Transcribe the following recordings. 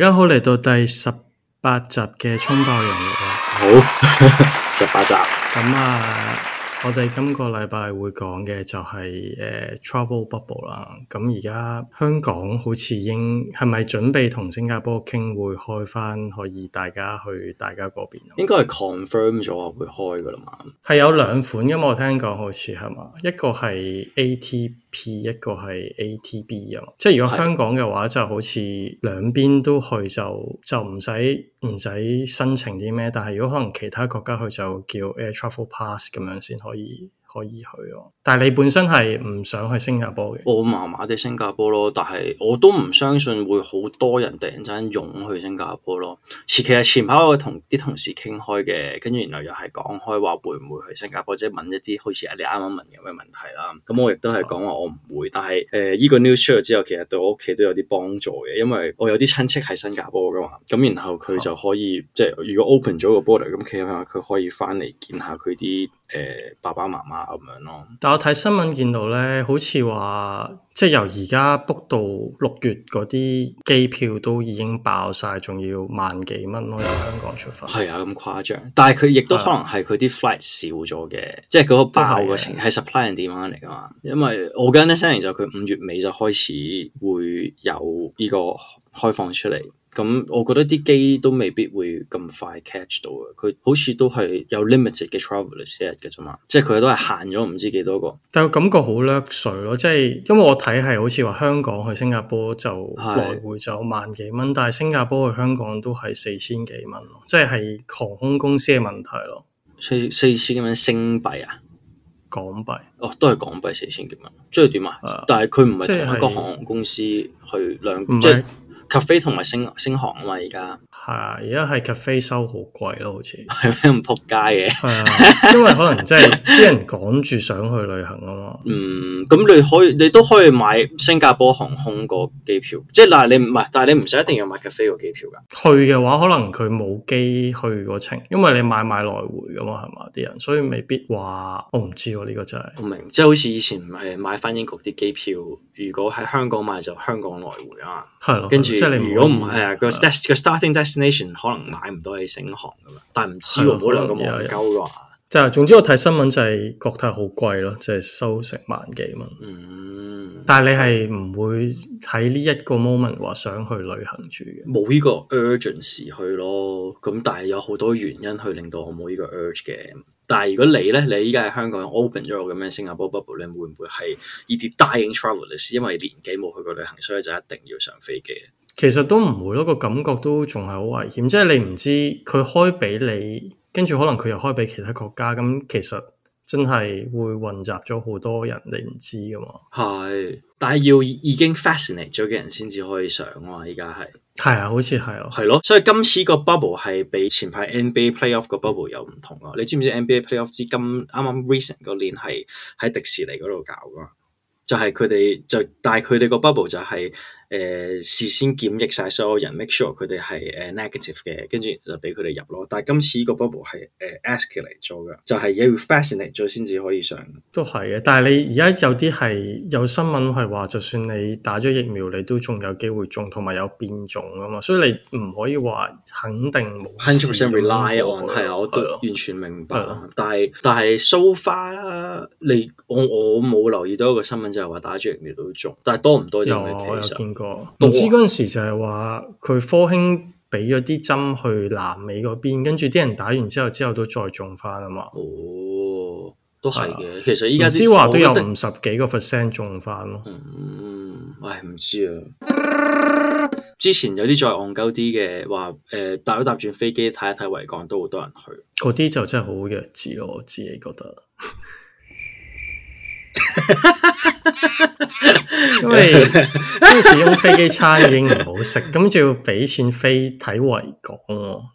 大家好，嚟到第十八集嘅沖爆人物啦。好，十八 集。咁 啊，我哋今個禮拜會講嘅就係、是 uh, travel bubble 啦。咁而家香港好似應係咪準備同新加坡傾會開返，可以大家去大家嗰邊。應該係 confirm 咗會開噶啦嘛。係有兩款噶嘛？我聽講好似係嘛，一個係 AT。P 一個係 ATB 啊嘛，即係如果香港嘅話，的就好似兩邊都去就就唔使唔使申請啲咩，但係如果可能其他國家去就叫 Air Travel Pass 咁樣先可以。可以去咯，但係你本身係唔想去新加坡嘅？我麻麻哋新加坡咯，但係我都唔相信會好多人突然間湧去新加坡咯。前其實前排我同啲同事傾開嘅，跟住然後又係講開話會唔會去新加坡，即係問一啲好似你啱啱問嘅問題啦。咁我亦都係講話我唔會，但係誒呢個 news 出咗之後，其實對我屋企都有啲幫助嘅，因為我有啲親戚喺新加坡噶嘛，咁然後佢就可以、哦、即係如果 open 咗個 border 咁起碼佢可以翻嚟見下佢啲。誒，爸爸媽媽咁樣咯。但係我睇新聞見到咧，好似話即係由而家 book 到六月嗰啲機票都已經爆晒，仲要萬幾蚊咯，由香港出發。係啊，咁誇張。但係佢亦都可能係佢啲 flight 少咗嘅，的即係嗰個爆嘅程係 supply and demand 嚟噶嘛。因為我跟得上嚟就佢五月尾就開始會有呢個。開放出嚟，咁我覺得啲機都未必會咁快 catch 到嘅，佢好似都係有 limited 嘅 travel limit 嘅啫嘛，即係佢都係限咗唔知幾多個。但係感覺好叻水咯，即係因為我睇係好似話香港去新加坡就來回就萬幾蚊，是但係新加坡去香港都係四千幾蚊，即係航空公司嘅問題咯。四四千幾蚊新幣啊？港幣哦，都係港幣四千幾蚊，即係點啊？的但係佢唔係同一個航空公司去兩即係。是咖啡同埋星星航啊嘛，而家係啊，而家係咖啡收好貴咯，好似係咩咁撲街嘅。係 佛 啊，因為可能即係啲人趕住想去旅行啊嘛、嗯。嗯，咁你可以，你都可以買新加坡航空個機票，即係嗱，你唔係，但係你唔使一定要買咖啡個機票噶。去嘅話，可能佢冇機去個程，因為你買買來回噶嘛，係嘛啲人，所以未必話我唔知喎、啊，呢、這個真係。我明，即係好似以前唔係買翻英國啲機票。如果喺香港買就香港來回啊，係咯的，跟住著即係你如果唔係啊個 starting destination 可能買唔到你醒航咁樣，的但唔超唔可能咁高咯。就總之我睇新聞就係覺得好貴咯，即係收成萬幾蚊。嗯，但係你係唔會喺呢一個 moment 話想去旅行住嘅，冇呢個 urgency 去咯。咁但係有好多原因去令到我冇呢個 urge 嘅。但係如果你咧，你而家喺香港 open 咗我咁樣新加坡 bubble，你會唔會係呢啲 dying travelers？因為年紀冇去過旅行，所以就一定要上飛機。其實都唔會咯，個感覺都仲係好危險。即係你唔知佢開畀你，跟住可能佢又開畀其他國家。咁其實。真係會混雜咗好多人，你唔知噶嘛？係，但係要已經 fascinate 咗嘅人先至可以上啊！依家係，係啊，好似係啊，係咯。所以今次個 bubble 係比前排 NBA playoff 個 bubble 有唔同咯啊。你知唔知 NBA playoff 之今啱啱 recent 個年係喺迪士尼嗰度搞噶？就係佢哋就，但係佢哋個 bubble 就係、是。誒、呃、事先檢疫晒所有人，make sure 佢哋係誒 negative 嘅，跟住就俾佢哋入咯。但係今次依個 bubble 係誒、呃、escalate 咗嘅，就係、是、要 vaccinate 咗先至可以上。都係嘅，但係你而家有啲係有新聞係話，就算你打咗疫苗，你都仲有機會中，同埋有，有變種啊嘛，所以你唔可以話肯定冇。100% rely on 係啊，我對，完全明白。但係但係 so far 你我我冇留意到一個新聞就係話打咗疫苗都中，但係多唔多有嘅其唔、嗯、知嗰陣時就係話佢科興俾咗啲針去南美嗰邊，跟住啲人打完之後，之後都再種翻啊嘛。哦，都係嘅。啊、其實依家唔知話都有五十幾個 percent 種翻咯。嗯，唉、哎，唔知啊。 之前有啲再戇鳩啲嘅話，誒、呃，搭看一搭轉飛機睇一睇維港，都好多人去。嗰啲就真係好弱智咯，我自己覺得。 因為因為始終飛機餐已經唔好食，咁仲要俾錢飛睇維港，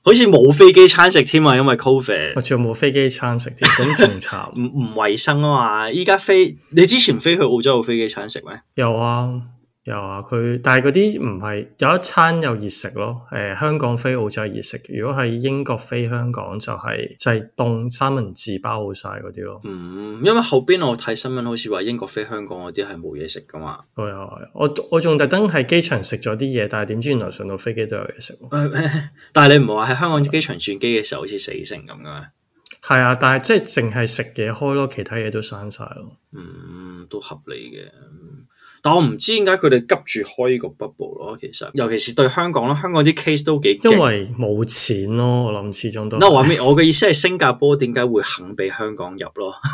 好似冇飛機餐食添啊，因為 COVID，我仲冇飛機餐食添，咁仲慘，唔唔衛生啊嘛。依家飛，你之前飛去澳洲有飛機餐食咩？有啊。有啊，佢但係嗰啲唔係有一餐有熱食咯，誒、呃，香港飛澳洲係熱食，如果係英國飛香港就係、是、就係、是、凍三文治包好晒嗰啲咯。嗯，因為後邊我睇新聞，好似話英國飛香港嗰啲係冇嘢食噶嘛。係啊、嗯嗯嗯，我我仲特登喺機場食咗啲嘢，但係點知原來上到飛機都有嘢食。但係你唔係話喺香港機場轉機嘅時候好似死剩咁嘅咩？係啊，但係即係淨係食嘢開咯，其他嘢都閂晒咯。嗯，都合理嘅。但我唔知點解佢哋急住開個 bubble 咯，其實尤其是對香港啦，香港啲 case 都幾。因為冇錢咯，我諗始終都。嗱， 我話咩？我嘅意思係新加坡點解會肯俾香港入咯？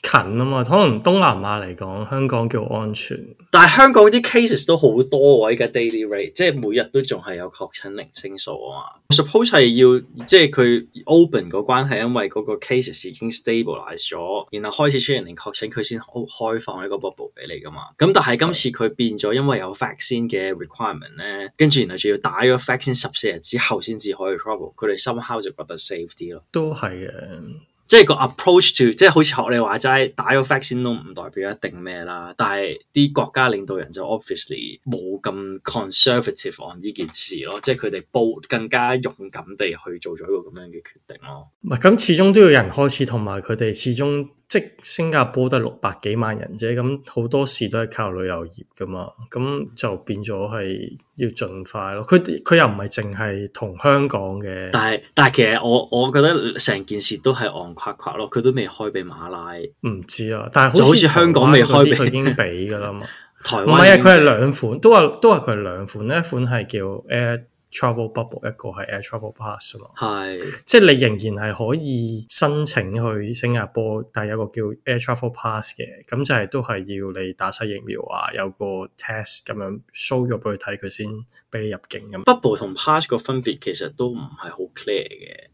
近啊嘛，可能東南亞嚟講，香港叫安全。但係香港啲 cases 都好多喎，依家 daily rate 即係每日都仲係有確診零星數啊嘛。I suppose 係要即係佢 open 個關係，因為嗰個 cases 已經 stabilize 咗，然後開始出現零確診，佢先開放一個 bubble 俾你。咁但係今次佢變咗，因為有 vaccine 嘅 requirement 咧的，跟住然後仲要打咗 vaccine 十四日之後先至可以 travel，佢哋 somehow 就覺得 safe 啲咯。都係是嘅、嗯，即係個 approach to，即係好似學你話齋，打咗 vaccine 都唔代表一定咩啦。但係啲國家領導人就 obviously 冇咁 conservative on 呢件事咯，即係佢哋報更加勇敢地去做咗一個咁樣嘅決定咯。唔係，咁始終都要人開始，同埋佢哋始終。即新加坡都係六百幾萬人啫，咁好多時都係靠旅遊業噶嘛，咁就變咗係要盡快咯。佢佢又唔係淨係同香港嘅，但係但係其實我我覺得成件事都係戇垮垮咯，佢都未開畀馬拉，唔知啊。但係好似香港未開畀佢已經畀噶啦嘛。台灣唔係啊，佢係兩款，都話都話佢係兩款，一款係叫誒。Uh, Travel Bubble 一個係 Air Travel Pass 啊嘛是，係即係你仍然係可以申請去新加坡，但係有個叫 Air Travel Pass 嘅，咁就係都係要你打晒疫苗啊，有個 test 咁樣 show 咗俾佢睇，佢先俾你入境咁。Bubble 同 Pass 個分別其實都唔係好 clear 嘅。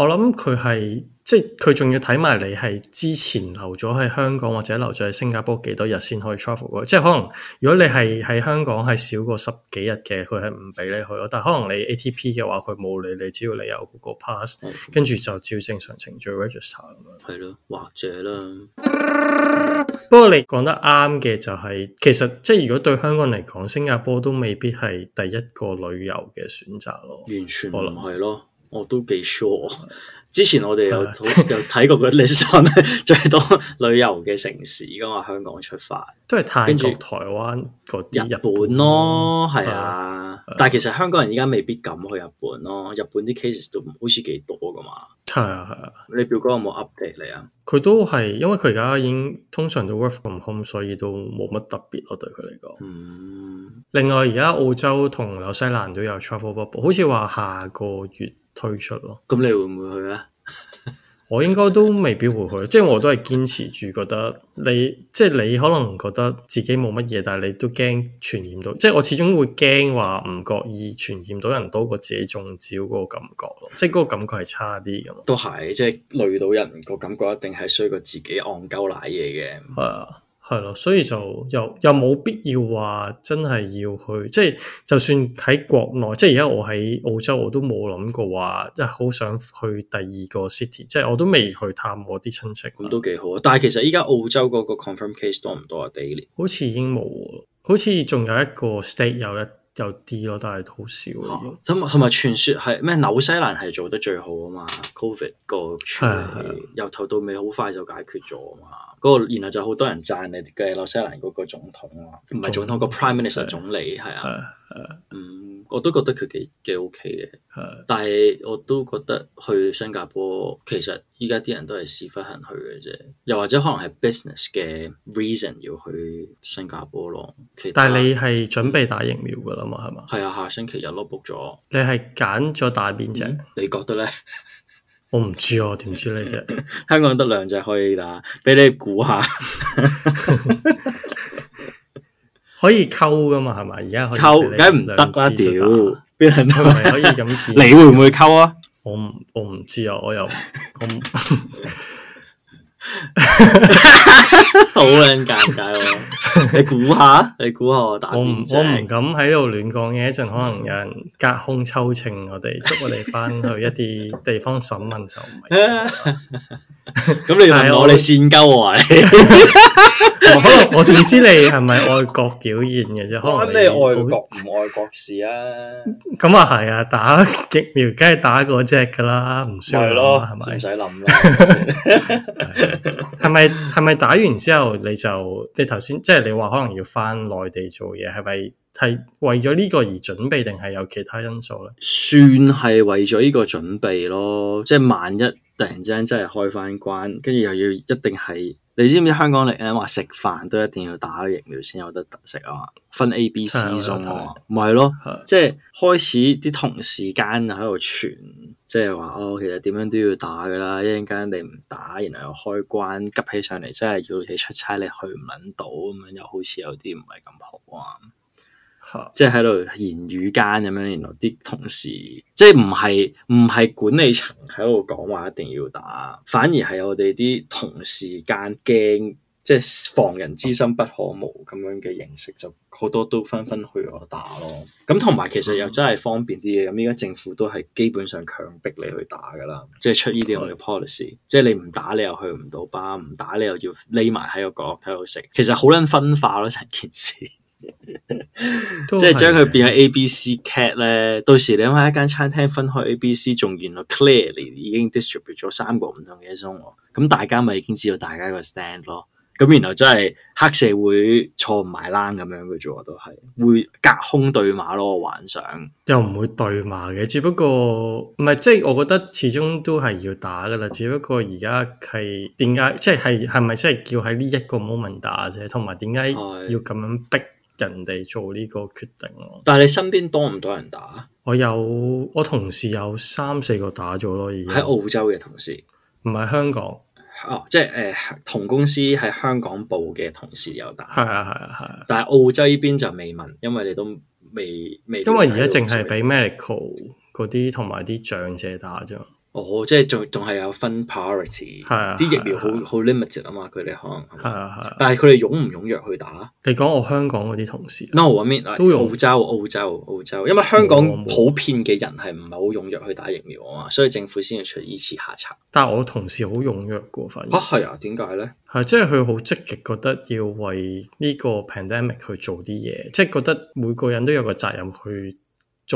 我諗佢係即係佢仲要睇埋你係之前留咗喺香港或者留咗喺新加坡幾多日先可以 travel 喎，即係可能如果你係喺香港係少過十幾日嘅，佢係唔畀你去咯。但係可能你 ATP 嘅話，佢冇理你，只要你有嗰個 pass，、嗯、跟住就照正常程序 register 咁咯。係咯，或者啦。不過你講得啱嘅就係、是，其實即係如果對香港嚟講，新加坡都未必係第一個旅遊嘅選擇咯。完全我諗係咯。我都幾 sure。之前我哋有又睇 過個 list o 咧，最多旅遊嘅城市，而家香港出發，都係泰國、台灣嗰啲著日，日本咯，係啊。啊啊但係其實香港人而家未必敢去日本咯，日本啲 cases 都好似幾多㗎嘛。係啊，係啊，啊你表哥有冇 update 你啊？佢都係，因為佢而家已經通常都 work from home，所以都冇乜特別咯、啊、對佢嚟講。嗯。另外而家澳洲同紐西蘭都有 travel bubble，好似話下個月。推出咯，咁你會唔會去啊？ 我應該都未必會去，即係我都係堅持住覺得你，即係你可能覺得自己冇乜嘢，但係你都驚傳染到，即係我始終會驚話唔覺意傳染到人多過自己中招嗰個感覺咯，即係嗰個感覺係差啲咁。都係，即係累到人個感覺一定係衰過自己戇鳩瀨嘢嘅。啊。 係咯，所以就又又冇必要話真係要去，即係就算喺國內，即係而家我喺澳洲我，我都冇諗過話，即係好想去第二個 city，即係我都未去探我啲親戚。咁都幾好啊！但係其實依家澳洲嗰個 confirm case 多唔多啊？Daily 好似已經冇喎，好似仲有一個 state 有一有啲咯，但係好少咯。咁同埋傳説係咩紐西蘭係做得最好啊嘛？Covid 個由頭到尾好快就解決咗啊嘛～嗰個，然後就好多人贊你嘅紐西蘭嗰個總統喎，唔係總統個統 prime minister 總理係是啊，啊嗯，我都覺得佢幾幾 OK 嘅，啊、但係我都覺得去新加坡其實依家啲人都係屎忽行去嘅啫，又或者可能係 business 嘅 reason 要去新加坡咯，其實但係你係準備打疫苗噶啦嘛，係嘛？係啊，下星期日咯 book 咗，你係揀咗打邊隻、嗯？你覺得咧？我唔知啊，點知呢、這個？只香港得兩隻兩隻可以打，俾你估下， 可以溝噶嘛？係咪而家可以溝？梗唔得啦，屌邊係咪可以咁次？見你會唔會溝啊？我唔我唔知啊，我又我。 好撚尷尬喎、啊， 你估下？你估下我大！我唔我唔敢喺度亂講嘢，一陣可能有人隔空抽秤我哋，捉我哋翻去一啲地方審問就唔係。 咁 你係我哋線鳩啊？我你 我點知你係咪愛國表現嘅啫？可能咩、那個、 愛國唔愛國事啊？咁啊係啊，打疫苗梗係打嗰隻噶啦，唔係咯，係咪唔使諗啦？係咪係咪打完之後你就你頭先即係你話可能要翻內地做嘢，係咪係為咗呢個而準備定係有其他因素咧？ 算係為咗呢個準備咯，即係萬一。突然之間真係開返關，跟住又要一定係，你知唔知香港嚟咧？話食飯都一定要打疫苗先有得食啊！分 A、B、C 種，唔係咯，的即係開始啲同事間喺度傳，即係話哦，其實點樣都要打㗎喇。一陣間你唔打，然後又開關急起上嚟，真係要你出差你去唔撚到咁樣，又好似有啲唔係咁好啊～即係喺度言語間咁樣，然後啲同事即係唔係唔係管理層喺度講話一定要打，反而係我哋啲同事間驚，即係防人之心不可無咁樣嘅形式，就好多都紛紛去我打咯。咁同埋其實又真係方便啲嘅，咁依家政府都係基本上強迫你去打噶啦，即係出呢啲我哋 policy，嗯，即係你唔打你又去唔到班；唔打你又要匿埋喺個角落睇度食，其實好捻分化咯成件事。 即係將佢變咗 A、B、C cat 咧，到時你諗下一間餐廳分開 A、B、C，仲原來 clearly 已經 distribute 咗三個唔同嘅餸，咁大家咪已經知道大家個 stand 咯。咁原來真係黑社會坐唔埋欄咁樣嘅啫，都係會隔空對罵咯。我幻想又唔會對罵嘅，只不過唔係即係，就是、我覺得始終都係要打㗎喇。只不過而家係點解，即係係咪真係叫喺呢一個 moment 打啫？同埋點解要咁樣逼？人哋做呢個決定咯，但係你身邊多唔多人打？我有我同事有三四個打咗咯，已經喺澳洲嘅同事，唔係香港哦，即係誒、呃、同公司喺香港部嘅同事有打，係啊係啊係啊，啊啊但係澳洲呢邊就未問，因為你都未未，因為而家淨係俾 medical 嗰啲同埋啲長者打啫。哦，即係仲仲係有分 priority，啲、啊、疫苗好好、啊、limited 啊嘛，佢哋可能，啊啊、但係佢哋踴唔踴躍去打？你講，我香港嗰啲同事，no I mean, 都用澳洲澳洲澳洲，因為香港普遍嘅人係唔係好踴躍去打疫苗啊嘛，所以政府先要出依次下策。但係我同事好踴躍噶，反而係啊？點解咧？係即係佢好積極，覺得要為呢個 pandemic 去做啲嘢，即係覺得每個人都有個責任去。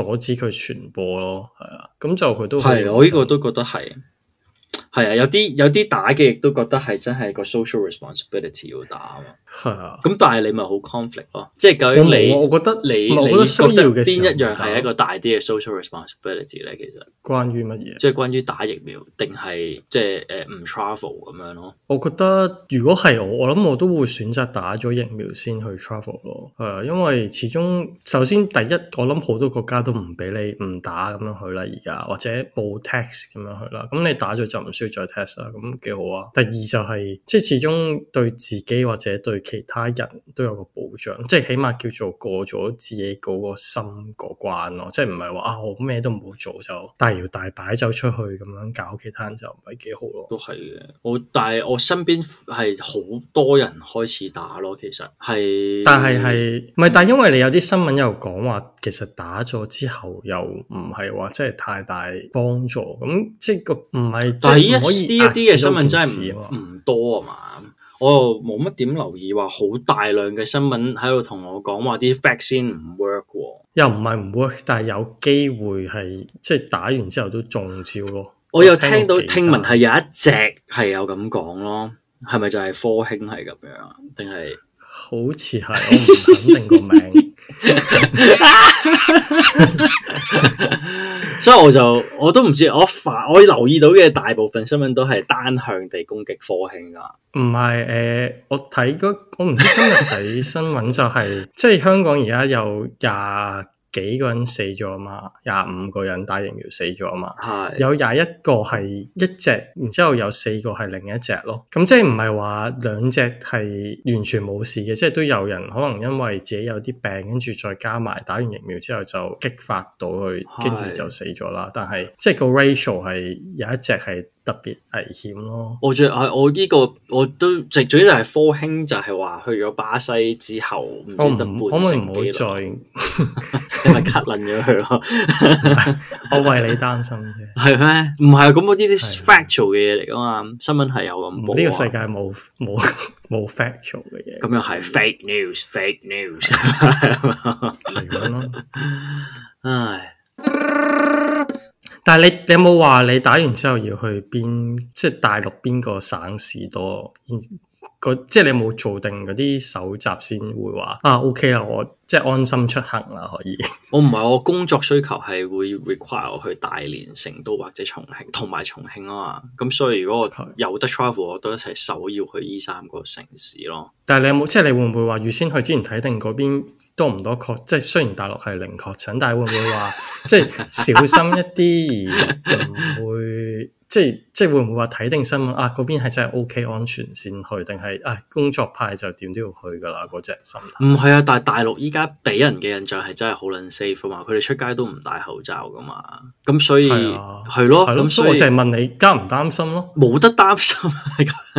阻止佢傳播咯，係啊，咁就佢都係我呢個都覺得係。係啊，有啲有啲打嘅亦都覺得係真係個 social responsibility 要打啊嘛。係啊。咁但係你咪好 conflict 咯，即係究竟你我，我覺得你我覺得先一樣係一個大啲嘅 social responsibility 咧？其實關於乜嘢？即係關於打疫苗定係即係誒、呃、唔 travel 咁樣咯？我覺得如果係我，我諗我都會選擇打咗疫苗先去 travel 咯。係啊，因為始終首先第一，我諗好多國家都唔俾你唔打咁樣去啦，而家或者冇 tax 咁樣去啦。咁你打咗就唔算。再 test 啦，咁幾好啊！第二就係、是、即係始終對自己或者對其他人都有個保障，即係起碼叫做過咗自己嗰個心嗰關咯。即係唔係話啊，我咩都唔好做就大搖大擺走出去咁樣，搞其他人就唔係幾好咯、啊。都係嘅，我但係我身邊係好多人開始打咯，其實係、嗯，但係係唔係，但係因為你有啲新聞又講話，其實打咗之後又唔係話真係太大幫助，咁即係個唔係。一啲一啲嘅新聞真係唔唔多啊嘛，我又冇乜點留意話好大量嘅新聞喺度同我講話啲 a c 疫先唔 work，又唔係唔 work，但係有機會係即係打完之後都中招咯。我又聽到聽聞係有一隻係有咁講咯，係咪就係科興係咁樣啊？定係好似係，我唔肯定個名。 所以我就 我都唔知，我發我留意到嘅大部分新聞都係單向地攻擊科興啦。唔係誒，我睇我唔知今日睇新聞就係、是，即、就、係、是、香港而家有廿幾個人死咗啊嘛，廿五個人打疫苗死咗啊嘛，是有廿一個係一隻，然之後有四個係另一隻咯，咁即係唔係話兩隻係完全冇事嘅，即係都有人可能因為自己有啲病，跟住再加埋打完疫苗之後就激發到佢，跟住就死咗啦。是但係即係個 ratio 係有一隻係。特別危險咯！我最係我呢、這個我都直主要係科興就係話去咗巴西之後唔見得半成幾率，你咪咳爛咗佢咯！我為你擔心啫，係咩？唔係咁，我呢啲 factual 嘅嘢嚟噶嘛？的新聞係有咁，呢個世界冇冇冇 factual 嘅嘢 咁又係 fake news，fake news，係咯，唉。但係你你有冇話你打完之後要去邊，即係大陸邊個省市多？個即係你冇做定嗰啲蒐集先會話啊？O K 啦，我即係安心出行啦，可以。我唔係，我工作需求係會 require 我去大連、成都或者重慶同埋重慶啊嘛。咁所以如果我有得 travel，我都一齊首要去呢三個城市咯。但係你有冇即係你會唔會話預先去之前睇定嗰邊？多唔多確？即係雖然大陸係零確診，但係會唔會話即係小心一啲而 會即係即係會唔會話睇定新聞啊？嗰邊係真係 OK 安全先去，定係啊工作派就點都要去噶啦？嗰隻心態唔係啊！但係大陸依家俾人嘅印象係真係好撚 safe 啊嘛！佢哋出街都唔戴口罩噶嘛，咁所以係、啊、咯，咁、啊、所，所以我淨係問你，擔唔擔心咯？冇得擔心，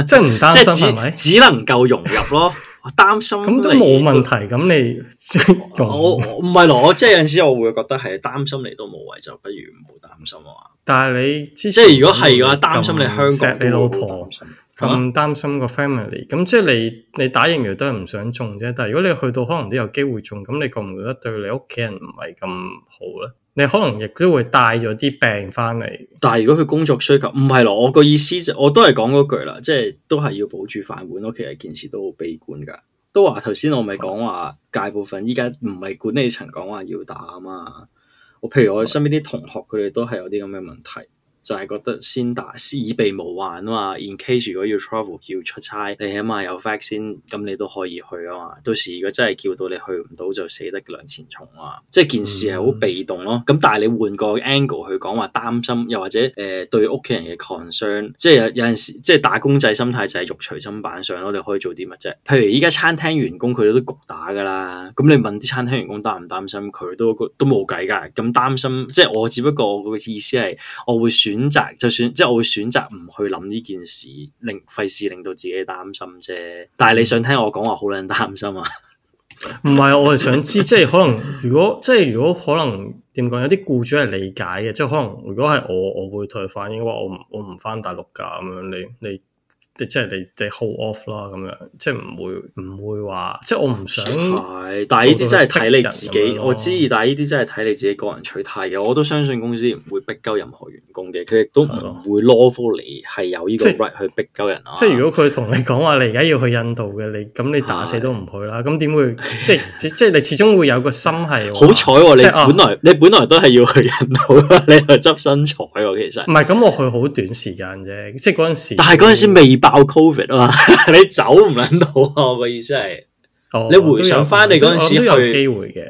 即 唔擔心係咪 ？只能夠融入咯。 啊、擔心咁都冇問題，咁你即我唔係咯，我即係有陣時我會覺得係擔心你都冇謂，就不如唔好擔心啊！但係你即係如果係嘅話，擔心你香錫，你老婆。咁擔心個 family，咁即係你你打疫苗都係唔想中啫，但係如果你去到可能都有機會中，咁你覺唔覺得對你屋企人唔係咁好咧？你可能亦都會帶咗啲病翻嚟。但係如果佢工作需求，唔係咯？我個意思就係、我都係講嗰句啦，即係都係要保住飯碗咯。其實件事都好悲觀噶，都話頭先我咪講話，大部分依家唔係管理層講話要打啊嘛。我譬如我身邊啲同學，佢哋都係有啲咁嘅問題。就係覺得先打以備無患啊嘛，in case 如果要 travel 要出差，你起碼有 vaccine 先，咁你都可以去啊嘛。到時如果真係叫到你去唔到，就死得兩千重啊！即係件事係好被動咯。咁但係你換個 angle 去講話擔心，又或者誒、呃、對屋企人嘅 concern，即係有有陣時即係打工仔心態就係肉隨砧板上咯。你可以做啲乜啫？譬如依家餐廳員工佢都焗打㗎啦，咁你問啲餐廳員工擔唔擔，擔心，佢都都冇計㗎。咁擔心即係我只不過我個意思係我會選。選擇就算即係我會選擇唔去諗呢件事，令費事令到自己擔心啫。但係你想聽我講話好令人擔心啊？唔係，我係想知 即，即係可，可能如果即係如果可能點講？有啲僱主係理解嘅，即係可能如果係我我會同佢反映話我唔我唔翻大陸噶咁樣，你你。即係你你 hold off 啦咁樣，即係唔會唔會話，即係我唔想。但係呢啲真係睇你自己，我知。但係呢啲真係睇你自己個人取態嘅，哦、我都相信公司唔會逼鳩任何員工嘅，佢亦都唔會 l 翻你係有呢個 right 即去逼鳩人啊。哦、即係如果佢同你講話，你而家要去印度嘅，你咁你打死都唔去啦。咁點是的 會？ 即係即係你始終會有個心係。好彩喎！你本來、啊、你本來都係要去印度你去執身材喎，其實。唔係，咁我去好短時間啫，即係嗰陣時，但時。但係嗰陣未。爆 covid 啊 嘛，你走唔撚到啊？我嘅意思係，哦、你回想翻你嗰陣時，嗯、有機會嘅，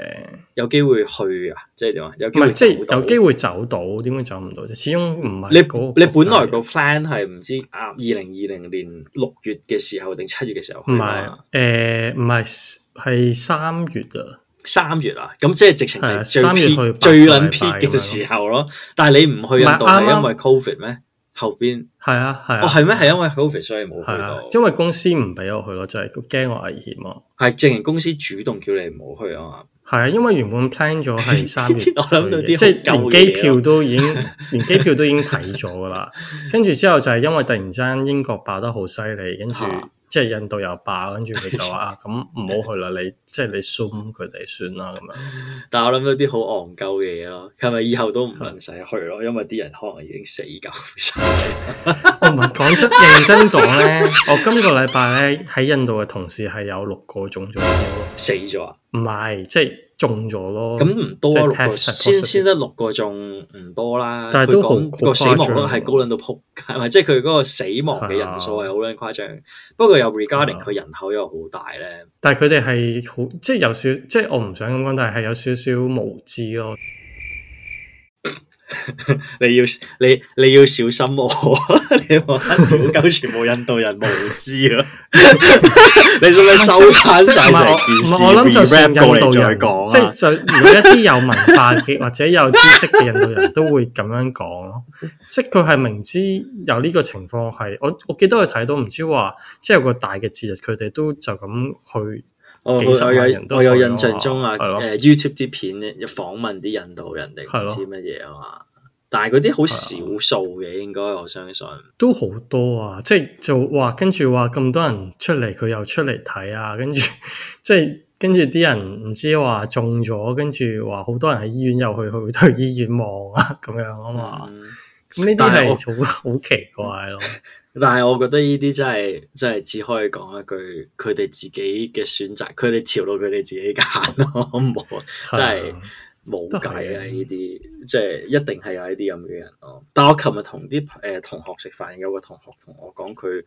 有機會去啊，即係點啊？有即係有機會走到，點會走唔到啫？始終唔係你你本來個 plan 係唔知啊，二零二零年六月嘅時候定七月嘅時候？唔係、啊，誒唔係係三月啊，的三月啊人，咁即係直情係最 p 最撚 p 嘅時候咯。但係你唔去印度係因為 covid 咩？後邊係啊，係啊，係咩、啊？係、哦、因為 o f f 所以冇去啊，因為公司唔俾我去咯，就係、是、驚我危險啊。係，直情公司主動叫你唔好去啊嘛。係啊，因為原本 plan 咗係三月，諗 到啲即係連機票都已經 連機票都已經睇咗噶啦，跟住 之後就係因為突然間英國爆得好犀利，跟住。即係印度又霸，跟住佢就話：啊，咁唔好去啦， 你即係、就是、你送佢哋算啦咁樣。但係我諗到啲好戇鳩嘅嘢咯，係咪以後都唔使去咯？是因為啲人可能已經死咗。 我唔係講真，認真講咧， 我今個禮拜咧喺印度嘅同事係有六個種族死咗了，啊？唔係即係。中咗咯，咁唔多、啊、六個先先得六個中唔多啦。但係都好，個死亡率係高到撲街，即係佢嗰個死亡嘅人數係好卵誇張。不過又 regarding 佢人口又好大咧，但係佢哋係好即係有少即係我唔想咁講，但係係有少少無知咯。 你要你你要小心我， 你話好鳩全部印度人無知啊。 你做咩收下晒我？係我諗就算、是就是、印度人講， 即係就每一啲有文化嘅或者有知識嘅印度人都會咁樣講咯， 即係佢係明知有呢個情況係，我我記得佢睇到唔知話、就是、即係有個大嘅節日，佢哋都就咁去。我有我有印象中啊，誒的、uh, YouTube 啲片，訪問啲印度人哋唔知乜嘢啊嘛，的但係嗰啲好少數嘅，的應該我相信都好多啊，即係就話跟住話咁多人出嚟，佢又出嚟睇啊，跟住即係跟住啲人唔知話中咗，跟住話好多人喺醫院又去去去醫院望啊，咁樣啊嘛，咁呢啲係好好奇怪咯、啊。 但係我覺得呢啲真係真係只可以講一句，佢哋自己嘅選擇，佢哋條路佢哋自己揀咯，冇 有， 真係冇計啊！呢啲即係一定係有呢啲咁嘅人咯。 但係我琴日同啲誒同學食飯，有個同學同我講，佢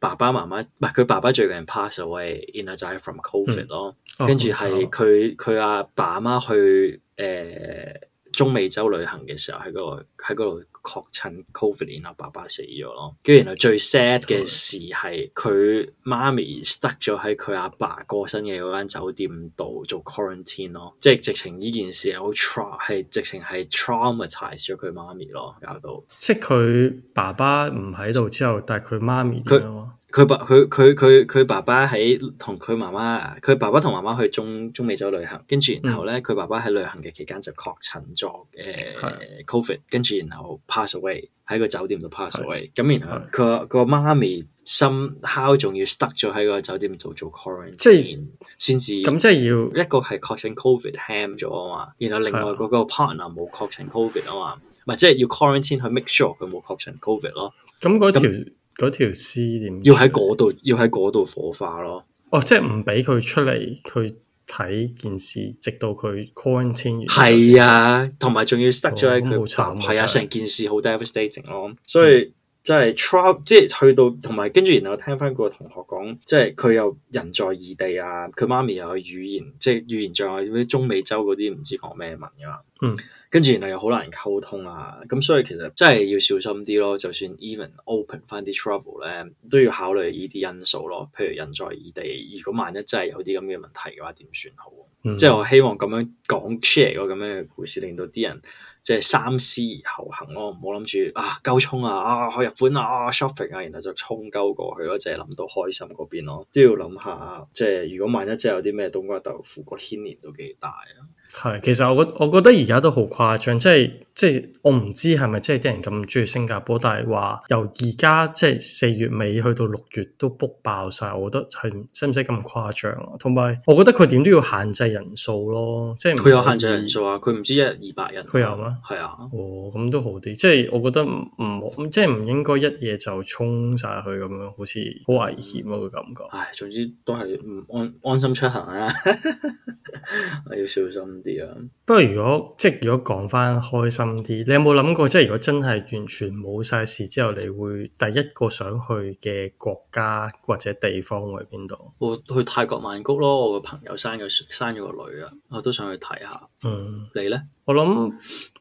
爸爸媽媽唔係佢爸爸最近 pass away 位 in a d 就 e from covid 咯、嗯，跟住係佢佢阿爸媽去誒、呃、中美洲旅行嘅時候，喺度喺嗰度。確診 Covid 阿爸爸死咗咯，跟住然後最 sad 嘅事係佢 媽咪 stuck 咗喺佢阿爸,爸過身嘅嗰間酒店度做 quarantine 咯，即係直情呢件事好 tra 係直情係 traumatise 咗佢媽咪咯，搞到 即係佢爸爸唔喺度之後，但係佢媽咪點啊？佢爸佢佢佢佢爸爸喺同佢媽媽，佢爸爸同媽媽去中中美洲旅行，跟住然後咧，佢、嗯、爸爸喺旅行嘅期間就確診咗誒 covid，跟住然後 pass away 喺個酒店度 pass away，咁是然後佢個媽咪 somehow 仲要 stuck 咗喺個酒店度做，做 quarantine，先至咁即係是才 要一個係確診 covid ham 咗啊嘛，然後另外嗰個 partner 冇確診 covid 啊嘛的，唔係即係要 quarantine 去 make sure 佢冇確診 covid 咯，咁嗰條。嗰條屍點？要喺嗰度，要喺嗰度火化咯。哦，即係唔俾佢出嚟，佢睇件事，直到佢 coins 簽完,完。係啊，同埋仲要塞咗喺佢。係、哦、啊，成件事好 devastating 咯、嗯，devastating, 所以。嗯即係 trouble，即係去到同埋，跟住然後聽翻個同學講，即係佢又人在異地啊，佢媽咪又有語言，即係語言障礙啲中美洲嗰啲唔知講咩文噶嘛、啊，嗯，跟住然後又好難溝通啊，咁所以其實真係要小心啲咯，就算 even open 翻啲 trouble 咧，都要考慮呢啲因素咯，譬如人在異地，如果萬一真係有啲咁嘅問題嘅話，點算好、啊？嗯、即係我希望咁樣講 share 個咁樣嘅故事，令到啲人。即係三思而後行咯，唔好諗住啊，鳩沖啊，啊去日本啊，啊，shopping 啊，然後就沖鳩過去咯，即係諗到開心嗰邊咯，都要諗下，即係如果萬一真係有啲咩冬瓜豆腐個牽連都幾大啊！係，其實我覺我覺得而家都好誇張，即係即係我唔知係咪即係啲人咁中意新加坡，但係話由而家即係四月尾去到六月都 book 爆晒，我覺得係使唔使咁誇張啊？同埋，我覺得佢點都要限制人數咯，即係佢有限制人數啊，佢唔知一日二百人，佢有咩？係啊，啊哦，咁都好啲，即係我覺得唔唔即係唔應該一嘢就沖晒去咁樣，好似好危險咯，啊嗯，個感覺。唉，總之都係唔安安心出行啊， 你要小心。不過如果即係如果講翻開心啲，你有冇諗過即係如果真係完全冇晒事之後，你會第一個想去嘅國家或者地方會喺邊度？我去泰國曼谷咯，我個朋友生咗生咗個女啊，我都想去睇下。嗯，你咧？我諗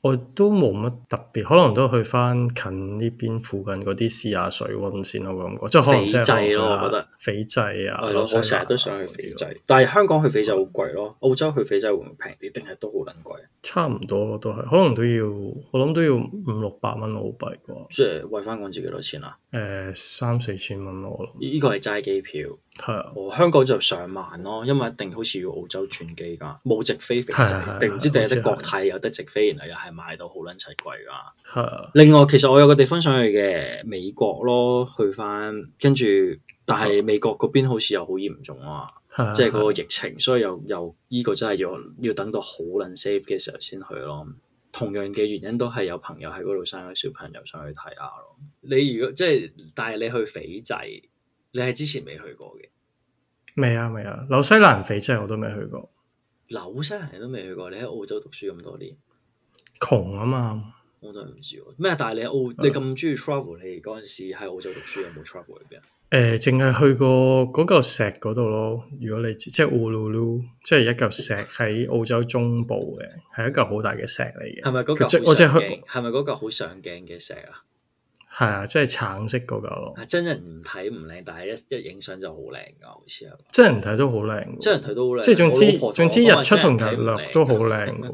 我都冇乜特別，可能都去翻近呢邊附近嗰啲試下水溫先咯，咁樣即係可能即係去下斐濟啊。係咯的，啊、我成日都想去斐濟，但係香港去斐濟好貴咯，嗯、澳洲去斐濟會唔會平啲？定係都好撚貴？差唔多咯，都係，可能都要我諗都要五六百蚊澳幣啩。即係為翻港紙幾多錢啊？誒、呃，三四千蚊我諗。呢個係齋機票。哦，香港就上萬咯，因為一定好似要澳洲轉機噶，冇直飛肥仔，定唔的知定係得國泰有得直飛，然後又係賣到好撚齊貴啊！的另外，其實我有個地方想去嘅，美國咯，去翻跟住，但係美國嗰邊好似又好嚴重啊，即係嗰個疫情，所以又又呢個真係要要等到好撚 safe 嘅時候先去咯。同樣嘅原因都係有朋友喺嗰度生咗小朋友上去睇下咯。你如果即係，帶你去肥仔。你係之前未去過嘅？未啊未啊，紐西蘭非洲我都未去過，紐西蘭都未去過。你喺澳洲讀書咁多年，窮啊嘛，我都唔知咩。但係你喺澳、啊、你咁中意 travel，你嗰陣時喺澳洲讀書有冇 travel 去邊啊？誒、呃，淨係去過嗰嚿石嗰度咯。如果你即係烏魯魯即係一嚿石喺澳洲中部嘅，係 一嚿好大嘅石嚟嘅。係咪嗰嚿？我正係係咪嗰嚿好上鏡嘅石啊？係啊，即係橙色嗰個咯。真人唔睇唔靚，但係一一影相就好靚噶，好似啊！真人睇都好靚，真人睇都好靚，即係總之總之日出同日落都好靚噶。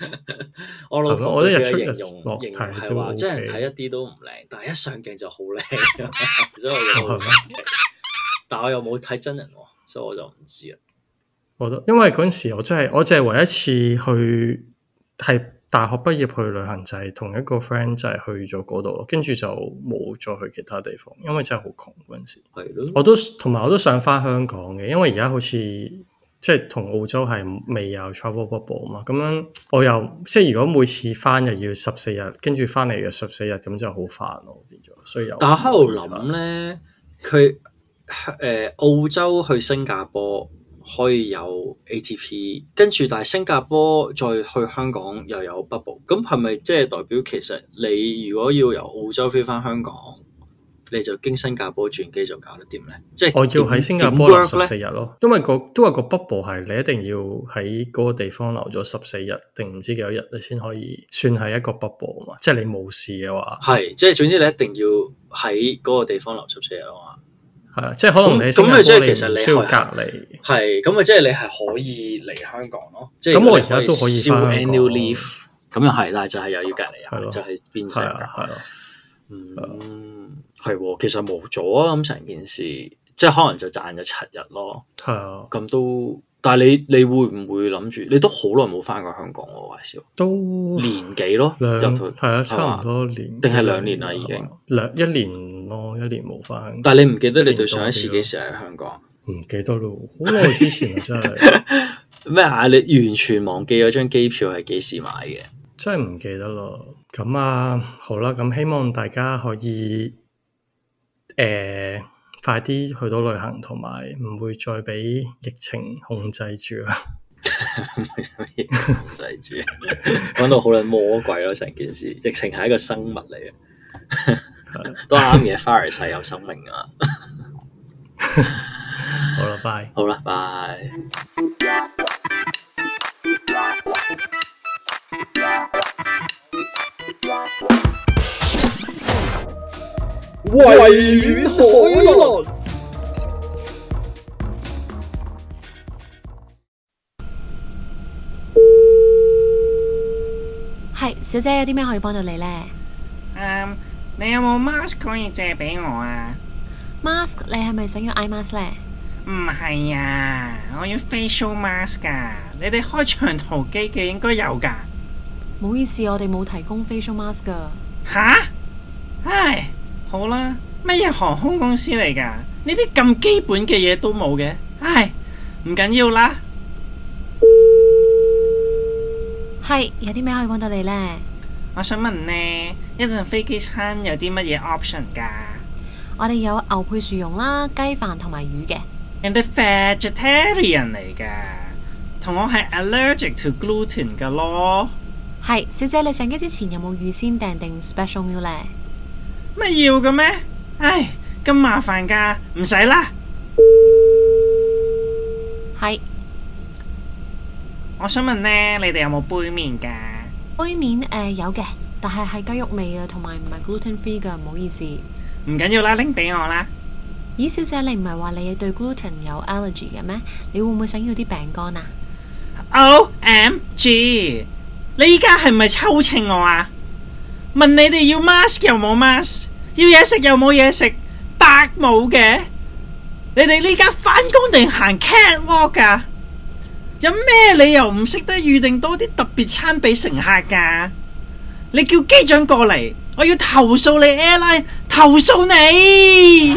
我老婆 吧我啲日出日落睇都好。真人睇一啲都唔靚，但係一上鏡就好靚。 所以我又， 但我又冇睇真人，所以我就唔知啦。我都因為嗰陣時我真係我淨係唯一一次去睇。大學畢業去旅行就係、是、同一個 friend 就係去咗嗰度咯，跟住就冇再去其他地方，因為真係好窮嗰陣時。係咯的，我都同埋我都想翻香港嘅，因為而家好似即係同澳洲係未有 travel bubble 啊嘛，咁樣我又即係如果每次翻又要十四日，跟住翻嚟又十四日，咁就好煩咯，變咗需要。但係喺度諗咧，佢誒、呃、澳洲去新加坡。可以有 ATP，跟住但係新加坡再去香港又有 bubble，咁係咪即係代表其實你如果要由澳洲飛翻香港，你就經新加坡轉機就搞得掂咧？即係我要喺新，麼新加坡留十四日咯，因為、嗰個都話個 bubble 係你一定要喺嗰個地方留咗十四日定唔知幾多日你先可以算係一個 bubble 啊嘛，即係你冇事嘅話，係即係總之你一定要喺嗰個地方留十四日啊嘛。係，即係可能你即係需要隔離。係，咁咪即係你係可以嚟香港咯。即係咁，我而家都可以 annual leave，咁又係，但係就係又要隔離啊，就係變價噶。係咯。嗯，係，其實冇咗啊，咁成件事，即係可能就賺咗七日咯。係啊。咁都，但係你你會唔會諗住？你都好耐冇翻過香港咯，話晒都年幾咯？兩係啊，差唔多年，定係兩年啊？已經兩一年。我一年冇翻，但係你唔記得你對上一次幾時喺香港？唔記得咯，好耐之前 真係。咩啊？你完全忘記咗張機票係幾時買嘅？真係唔記得咯。咁啊，好啦，咁希望大家可以誒、呃、快啲去到旅行，同埋唔會再俾疫情控制住啦。 控制住，講到好捻魔鬼咯，成件事，疫情係一個生物嚟嘅。 都啱嘅，花兒細有生命啊！ 好啦，拜好啦，拜。喂，衛院好。倫，係 小姐，有啲咩可以幫到你咧？Um, 你有冇 mask 可以借俾我啊？mask 你係咪想要 eye mask 咧？唔係啊，我要 facial mask 噶、啊。你哋開長途機嘅應該有噶。唔好意思，我哋冇提供 facial mask 噶、啊。吓！唉，好啦，乜嘢航空公司嚟噶？呢啲咁基本嘅嘢都冇嘅。唉，唔緊要啦。係，有啲咩可以幫到你咧？我想問呢，一陣飛機餐有啲乜嘢 option 噶？我哋有牛配薯蓉啦、雞飯同埋魚嘅。你啲 vegetarian 嚟噶，同我係 allergic to gluten 噶咯。係，小姐你上機之前有冇預先訂定 special meal 呢？乜要嘅咩？唉，咁麻煩噶，唔使啦。係。我想問呢，你哋有冇杯麵噶？杯麵誒、呃、有嘅，但係係雞肉味啊，同埋唔係 gluten free 嘅，唔好意思。唔緊要啦，拎俾我啦。咦，小姐，你唔係話你對 gluten 有 allergy 嘅咩？你會唔會想要啲餅乾啊？O M G！你依家係咪抽秤我啊？問你哋要 mask 又冇 mask，要嘢食，又冇嘢食，白冇嘅。你哋呢家返工定行 catwalk 啊？有咩理由唔識得預定多啲特別餐畀乘客㗎？你叫機長過嚟，我要投訴你 airline，投訴你。